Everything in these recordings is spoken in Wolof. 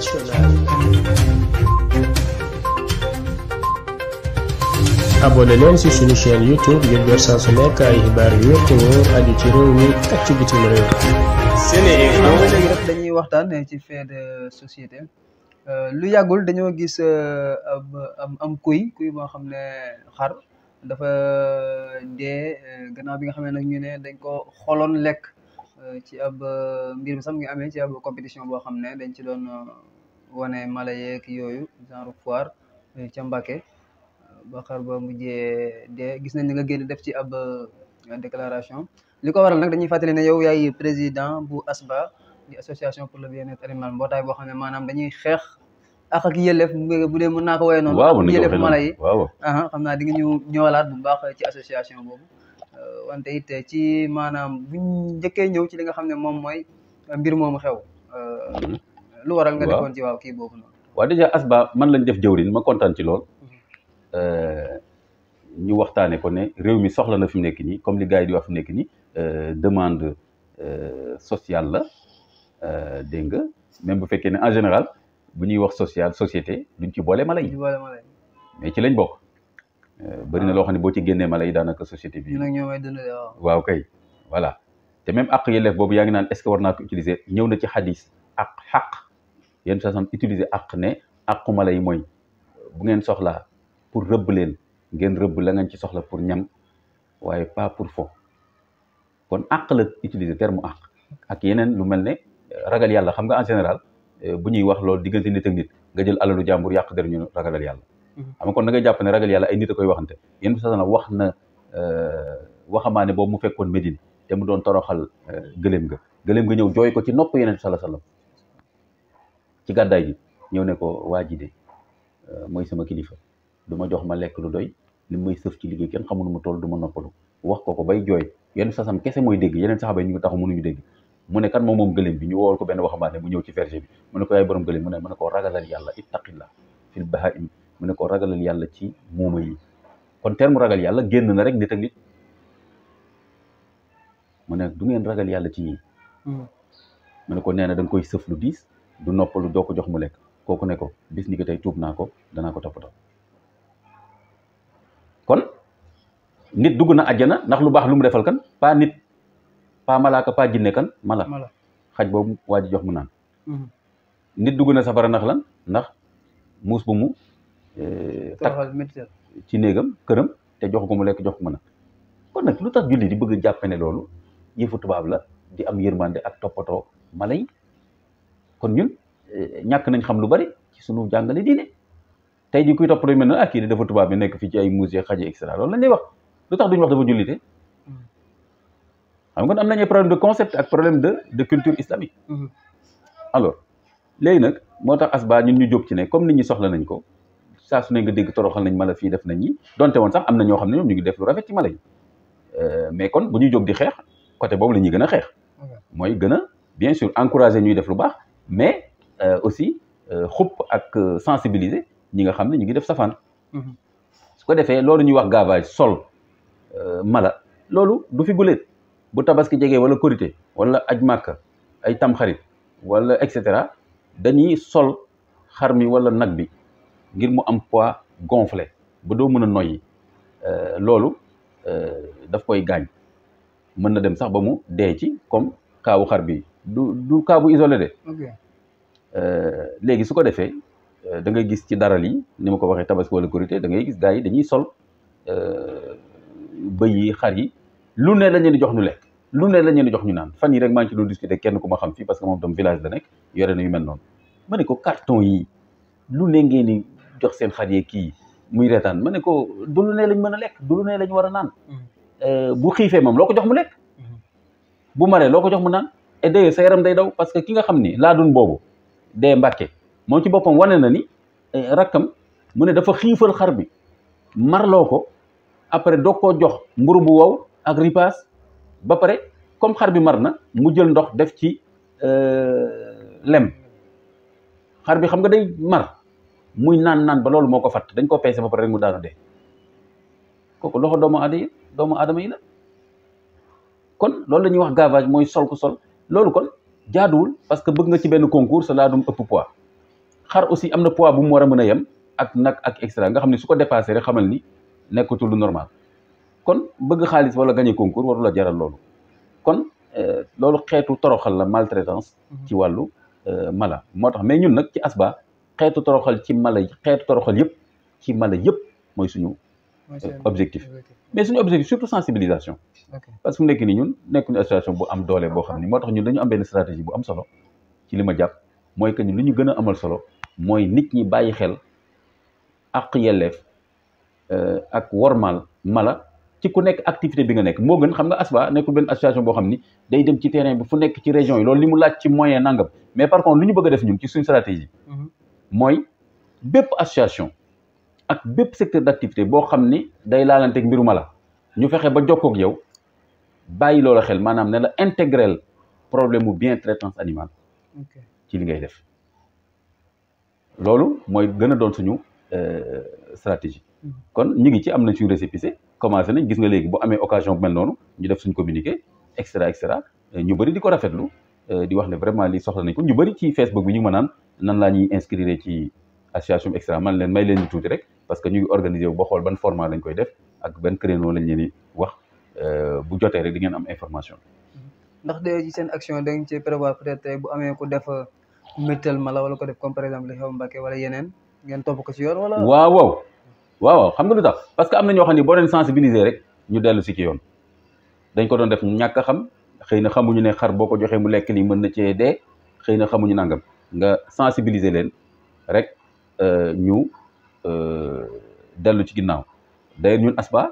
internationale. abonné leen ci suñu chaîne youtube ngir jot saa su nekk ay xibaar yu wér te ci réew mi ak ci waxtaan ci fait de société euh, lu yàggul dañoo gis euh, am am kuy kuy moo xam ne xar dafa euh, dee gannaaw bi nga xam nag ñu ne dañ ko xoloon lekk. Euh, ci ab euh, mbir mi sax mu ngi amee ci ab compétition boo xam ne dañ ci doon euh, wane mala yeeg yooyu genre foire ca Mbàkke ba xar ba mujjee de gis nañ ni nga génn def ci ab déclaration li ko waral nag dañuy fàttali ne yow yaay président bu ASBA di association pour le bien-être animal mbootaay boo xam ne maanaam dañuy xeex ak ak yëleef bu dee mën naa ko woowee noonu. waaw mën naa ko woowee noonu xam naa di nga ñu ñëwalaat bu baax ci association boobu. Euh, wante it ci maanaam buñ njëkkee ñëw ci li nga xam ne moom mooy euh, mbir moom xew. Euh, lu waral nga defoon ci waaw kii boobu noonu. waaw dèjà Asba man lañ def jëwrin ma kontaan ci lool. Mhm. ñu waxtaanee ko ne réew mi soxla na fi mu nekk nii comme li gars yi di wax fi nekk nii demande sociale la dégg nga même bu fekkee ne en général bu ñuy wax sociale société duñ ci boole mala yi. mais ci lañ bokk. Euh, bëri na loo xam ne boo ci génnee mala yi daanaka société bi. waaw kay voilà te même àq yelleef boobu yaa ngi naan est-ce que war utiliser ñëw na ci xadis ak xaq yéen saa utiliser àq ne ak mala yi mooy bu ngeen soxla pour rëbb leen ngeen rëbb la ngeen ci soxla pour ñam waaye pas pour fo kon àq la utiliser terme àq ak yeneen lu mel ne ragal yàlla xam nga en général euh, bu ñuy wax loolu diggante nit ak nit nga jël alalu jàmbur yàq der ñu ragalal yàlla. xam kon da ngay jàpp ne ragal yàlla ay nit a koy waxante yéen bi sasana wax na euh, waxamaane boobu mu fekkoon Médine te mu doon toroxal euh, gëléem ga gëléem ga ñëw jooy ko ci nopp yeneen sa sallam ci gàddaay gi ñëw ne ko waa ji de euh, mooy sama kilifa du ma jox ma lekk lu doy li may sëf ci liggéey kenn xamul mu toll du ma noppalu wax ko ko bay jooy yenn sasam kese mooy dégg yeneen saxaba yi ñu ngi taxu mënuñu dégg mu ne kan moom moom gëléem bi ñu woowal ko benn waxambaane mu ñëw ci verger bi mu ne ko yaay borom gëléem mu ne yàlla ittaqillah fil bahaim mu ne ko ragalal yàlla ci muuma yi kon mu ragal yàlla génn na rek nit ak nit mu ne du ngeen ragal yàlla ci yii hmm. mu ne ko nee na da koy sëf lu diis du noppalu doo ko jox mu lekk kooku ne ko bis ni ko tey tuub naa ko danaa ko toppatoo kon nit dugg na àjjana ndax lu baax lu mu defal kan pas nit pas malaaka pas jinne kan mala xaj boobu waa jox mu naan hmm. nit dugg na safara ndax lan ndax muus bu mu Euh, takk ci néegam këram te jox ko mu lekk jox ko mu naan kon nag lu tax julli di bëgg jàppe ne loolu yëfu tubaab la di am yërmande ak toppatoo mala yi kon ñun eh, ñàkk nañ xam lu bari ci suñu jàngale diine tey jii kuy toppatoo mel na ah kii di dafa tubaab bi nekk fii ci ay musée xaje et cetera loolu lañ lay wax lu tax duñu wax dafa jullite xam nga am nañu problème de concept ak problème de de culture islamique mm-hmm. alors léegi nag moo tax asba ñun ñu jóg ci ne comme nit ñi soxla nañ ko saa su ne nga dégg toroxal nañ mala fii def nañ ñi donte woon sax am na ñoo xam ne ñoom ñu ngi def lu rafet ci mala yi euh, mais kon bu ñuy jóg di xeex côté boobu lañuy gën a xeex mooy gën a bien sur encourager ñuy def lu baax mais euh, aussi euh, xupp ak sensibiliser ñi nga xam ne ñu ngi def safaan mhm. su ko defee loolu ñuy wax gavage sol mala loolu du fi guléet bu tabaski jegee wala korité wala aj màkka ay tamxarit wala et cetera dañuy sol xar mi wala nag bi ngir mu am poids gonflé ba doo mën a noyyi euh, loolu euh, daf koy gaañ mën na dem sax ba mu dee ci comme kaawu xar bi du du kaabu isolé de euh, léegi su ko defee da ngay gis ci daral yi ni ma ko waxee tabaski wala korité da ngay gis gars yi dañuy sol bëy yi xar yi lu ne la leen jox ñu lekk lu ne lañ leen di jox ñu naan fan yi rek maa ngi ci doon discuter kenn ku ma xam fii parce que moom tam village la nekk yore na yu mel noonu ma ne ko carton yi lu ne ngeen jox seen xar yee kii muy reetaan ma ne ko du lu ne lañ mën a lekk du lu ne lañ war a naan mm-hmm. euh, bu xiifee moom loo ko jox mu lekk mm-hmm. bu maree loo ko jox mu naan et d'ailleurs sa yaram day daw parce que ki nga xam ni laa dun boobu dee mbakke moom ci boppam wanee na ni euh, rakkam mu ne dafa xiifal xar bi marloo ko après doog koo jox mburu bu wow ak ripaas ba pare comme xar bi mar na mu jël ndox def ci euh, lem xar bi xam nga day mar muy naan naan ba loolu moo ko fatt dañ ko peese ba pare rek mu daanu de kooku loxo doomu aada doomu aadama yi la kon loolu la ñuy wax gavage mooy sol ku sol loolu kon jaaduwul parce que bëgg nga ci benn concours sa laadum ëpp poids xar aussi am na poids bu mu war a mën a yem ak nag ak extra nga xam ne su ko dépassé rek xamal ni nekkatul lu normal kon bëgg xaalis wala gagné concours warul a jaral loolu kon euh, loolu xeetu toroxal la maltraitance mm-hmm. ci wàllu euh, mala moo tax mais ñun nag ci asba xeetu toroxal ci mala xeetu toroxal yëpp ci mala yëpp mooy suñu euh, objectif mais suñu objectif surtout sensibilisation parce que mu nekk ni ñun nekkuñu association bu am doole boo xam ni moo tax ñun dañu am benn stratégie bu am solo ci li ma jàpp mooy que ni lu ñu gën amal solo mooy nit ñi bàyyi xel ak yelleef euh, ak wormaal mala ci ku nekk activité bi nga nekk moo gën xam nga ASBA nekkul benn association boo xam ni day dem ci terrain bi fu nekk ci région yi loolu li mu ci moyen nangam mais par contre ñu bëgg a ci suñu stratégie mhm. mooy bépp association ak bépp secteur d'activité boo xam ni day laalanteeg mbiru la ñu fexe ba jokkoog yow bàyyi loola xel maanaam ne la intégrel problème mu bien traitance animale ci li ngay def loolu mooy gën a doon suñu euh, stratégie mm-hmm. kon ñu ngi ci am nañ suñu récépissé commencé nañ gis nga léegi boo amee occasion bu mel noonu ñu def suñ communiqué et cetera cetera ñu bëri di ko rafetlu Euh, di wax ne vraiment lii soxla nañ ko ñu bëri ci Facebook bi ñu ma naan nan laa ñuy inscrire ci association extra man leen may leen ñu tuuti rek parce que ñu ngi organiser wu ba xool ban format lañ koy def ak ban créneau lañ leen di wax euh, bu jotee rek di ngeen am information. ndax de ci seen action da ngeen ci prévoir peut-être tey bu amee ko def euh, méttal mala wala ko def comme par exemple li xew wala yeneen ngeen topp ko ci yoon wala. waaw waaw waaw xam nga lu tax parce que am na ñoo xam ne boo leen rek ñu dellu si ci yoon dañ ko doon def ñàkk xam. xëy na xamuñu ne xar boo ko joxee mu lekk li mën na cee dee xëy na xamuñu nangam nga sensibiliser leen rek euh, ñu euh, dellu ci ginnaaw d'ailleurs ñun ASBA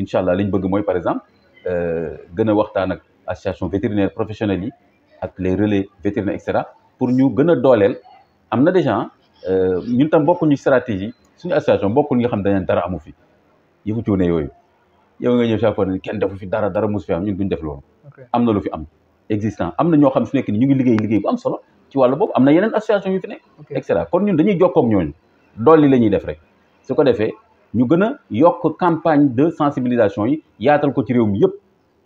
incha allah liñ bëgg mooy par exemple euh, gën a waxtaan ak association vétérinaire professionnel yi ak les relais vétérinaires et cetera pour ñu gën a dooleel am na déjà ñun tam bokkuñu stratégie suñu association bokkul nga xam dañu dara amu fi yëfu cuune yooyu. yow nga ñëw chaque fois ne kenn defu fi dara dara mosu fi am ñun duñ def loolu am na lu fi am existant am na ñoo xam fi nekk ni ñu ngi liggéey liggéey bu am solo ci wàllu boobu am na yeneen association yu fi nekk et cetera kon ñun dañuy jokkoog ñooñu dolli la ñuy def rek su ko defee ñu gën a yokk campagne de sensibilisation yi yaatal ko ci réew mi yëpp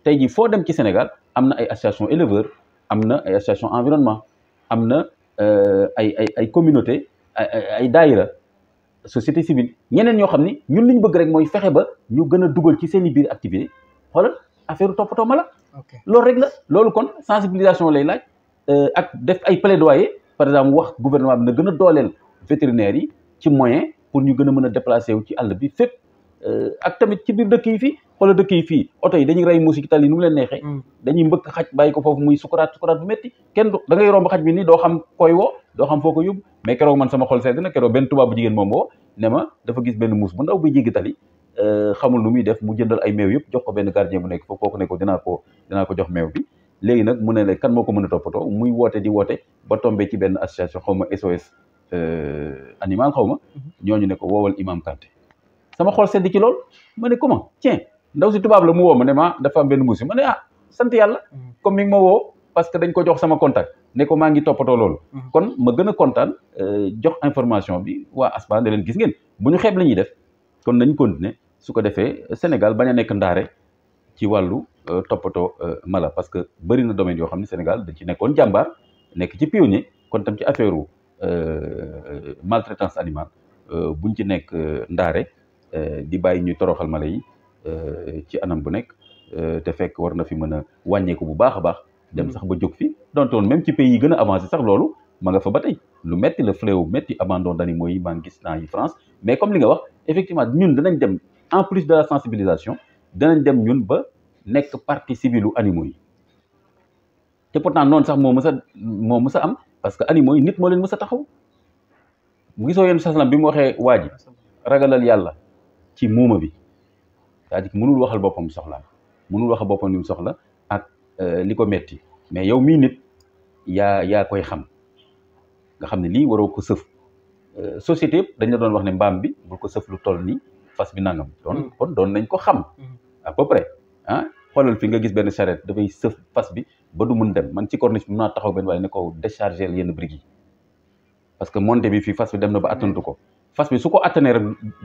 tey jii foo dem ci Sénégal am na ay association éleveur am na ay association environnement am na euh, ay ay ay communauté ay ay société civile ñeneen ñoo xam ni ñun li ñu bëgg rek mooy fexe ba ñu gën a dugal ci seen biir activité xoolal affaire toppatoo ma la. loolu rek la loolu kon sensibilisation lay laaj euh, ak def ay plaidoyer par exemple wax gouvernement bi na gën a dooleel vétérinaires yi ci moyen pour ñu gën a mën a déplacer wu ci àll bi fépp euh, ak tamit ci biir dëkk yi fii. xoolal dëkk yi fii oto yi rey muusi ci tali nu mu leen neexee mm. dañuy mbëkk ko foofu muy sukuraat sukuraat bu métti kenn da ngay romb xaj bi nii doo xam koy woo doo xam foo ko na keroog benn tubaab bu jigéen moom woo ne benn muus bu ndaw buy jéggi euh, xamul lu muy def mu jëndal ay meew yëpp jox ko benn gardien bu nekk foofu kooku ne ko dinaa ko dinaa ko jox meew bi léegi nag mu ne la kan moo ko mën a toppatoo muy woote di woote ba tombé ci benn association xaw ma SOS euh, animal xaw mm-hmm. ñooñu ne ko woowal imam Kanté sama xol sedd ci lool ma ne comment tiens ndaw si tubaab la mu woo ma ne ma dafa am benn muusi ma ne ah sant yàlla mm. comme mi ngi ma woo parce que dañ ko jox sama contact ne ko maa ngi toppatoo loolu mm. kon ma gën a kontaan euh, jox information bi waa ASPA ne leen gis ngeen bu ñu xeeb la ñuy def kon nañ continuer su ko defee Sénégal bañ a nekk ndaare ci wàllu euh, toppatoo euh, mala parce que bëri na domaine yoo xam ne Sénégal dañ ci nekkoon jàmbaar nekk ci pionnier kon tam ci affaire u maltraitance animale buñ ci nekk ndaare di bàyyi ñuy toroxal mala yi Euh, ci anam bu nekk euh, te fekk war na fi mën a wàññeeku bu baax a baax dem hmm. sax ba jóg fi dontoon même ci pays yi gën a avancé sax loolu ma nga fa ba tey lu metti la fléau metti abandon d'animaux yi maa ngi gis naa yi France mais comme li nga wax effectivement ñun danañ dem en plus de la sensibilisation danañ dem ñun ba nekk partie civile u animaux yi te pourtant noonu sax moo mës a moo mës a am parce que animaux yi nit moo leen mës a taxaw gisoo yéen saslam bi mu waxee waa ji ragalal yàlla ci muuma bi cest à mënul waxal boppam soxla mënul waxal boppam li mu soxla ak euh, li ko metti mais yow mii nit yaa yaa koy xam nga xam ne lii waroo ko sëf euh, société yëpp dañ la doon wax ne mbaam bi bul ko sëf lu toll nii fas bi nangam doon mm. doon nañ ko xam mm-hmm. à peu près ah xoolal fi nga gis benn charrette dafay sëf fas bi ba du mun dem man ci corniche bi mun naa taxaw benn waaye ne ko décharger yenn briques yi parce que monté bi fii fas bi dem na ba attantu ko fas bi su ko attanee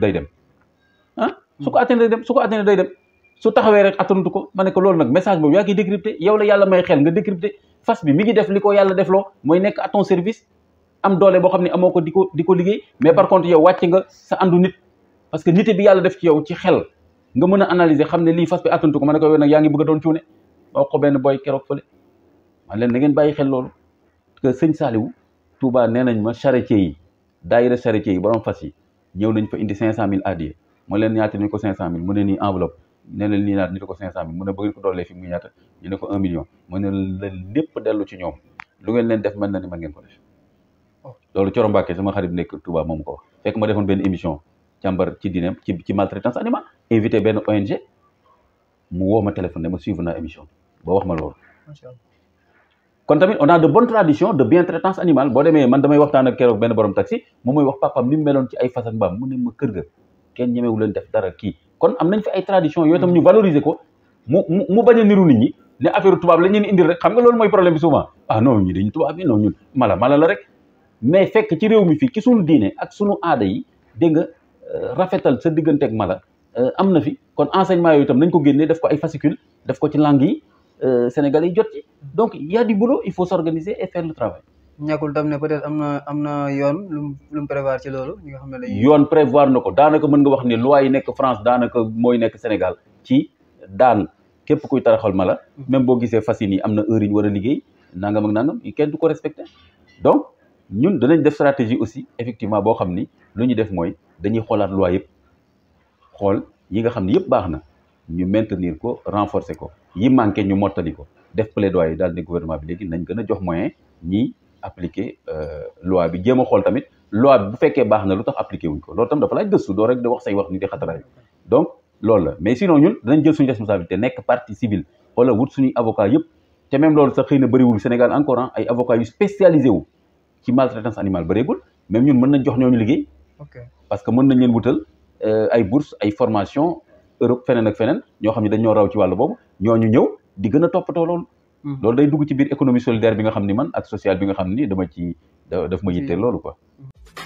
day dem su ko atteindre dem su ko atteindre day dem su taxawee rek attantu ko ma ne ko loolu nag message boobu yaa ngi décrypté yow la yàlla may xel nga décrypté fas bi mi ngi def li ko yàlla defloo mooy nekk à ton service am doole boo xam ne amoo ko di ko di ko liggéey mais par contre yow wàcc nga sa àndu nit parce que nite bi yàlla def ci yow ci xel nga mën a analyser xam ne lii fas bi attantu ko ma ne ko yow nag yaa ngi bëgg a doon cuune ba ko benn boy keroog fële man leen na ngeen bàyyi xel loolu que sëñ Saliou Touba nee nañ ma charretier yi daayira charretier yi borom fas yi ñëw nañ fa indi cinq cent mille adiya ma leen ñaata ni ko cinq cent mille mu ne nii enveloppe ne leen nii naat ni ko cinq cent mille mu ne bëgg ko ñu ne ko un million mu ne leen lépp dellu ci ñoom lu ngeen leen def mën na ni mën ngeen ko def loolu Coro Mbàkke sama xarit nekk Touba moom ko wax fekk ma defoon benn émission càmbar ci diineem ci ci maltraitance animal invité benn ONG mu woo ma téléphone ne ma suivre naa émission ba wax ma loolu kon tamit on a de bonnes traditions de bientraitance animale wax papam ni mu meloon ci ay fas ak mbaam mu ne ma kenn ñemewu leen def dara kii kon am nañ fi ay tradition yooyu tam ñu valoriser ko mu mu mu bañ a niru nit ñi ne affaire tubaab la ñeen indi rek xam nga loolu mooy problème bi souvent ah non ñi dañu tubaab yi non ñun mala mala la rek mais fekk ci réew mi fii ci suñu diine ak suñu aada yi dégg nga euh, rafetal sa digganteeg mala euh, am na fi kon enseignement yooyu tam nañ ko génnee def ko ay fascicule def ko ci langue yi euh, sénégalais yi jot ci donc il y a il faut s'organiser et faire ñàkkul tam ne peut-être am na am na yoon lu mu lu mu prévoir loolu. ñi nga xam yoon prévoir na ko daanaka mën nga wax ni loi yi nekk France daanaka mooy nekk Sénégal ci daan képp kuy taraxal mala. même boo gisee fas yi nii am na heure yi ñu war a liggéey nanga ak nangam kenn du ko respecté donc ñun danañ def stratégie aussi effectivement boo xam ni lu ñu def mooy dañuy xoolaat loi yëpp xool yi nga xam ni yëpp baax na ñu maintenir ko renforcer ko yi manqué ñu mottali ko def yi daal ne gouvernement bi léegi nañ gën a jox moyen ñi appliquer euh, loi bi jéem a xool tamit loi bu fekkee baax na lu tax appliquer wuñ ko loolu tam dafa laaj gëstu doo rek di wax say wax ni di xataraay donc loolu la mais sinon ñun danañ jël suñu responsabilité nekk partie civile wala wut suñuy avocat yëpp te même loolu sax xëy na bëriwul Sénégal encore ah ay avocats yu spécialisé wu ci maltraitance animale bëreegul même ñun mën nañ jox ñooñu liggéey parce que mën na leen wutal euh, ay bourse ay formation Europe feneen ak feneen ñoo xam ne dañ raw ci wàllu boobu ñooñu ñëw di gën Mhm. loolu day dugg ci biir économie solidaire bi nga xam ni man ak sociale bi nga xam ni dama ci daf ma yitteel mm. loolu quoi mm.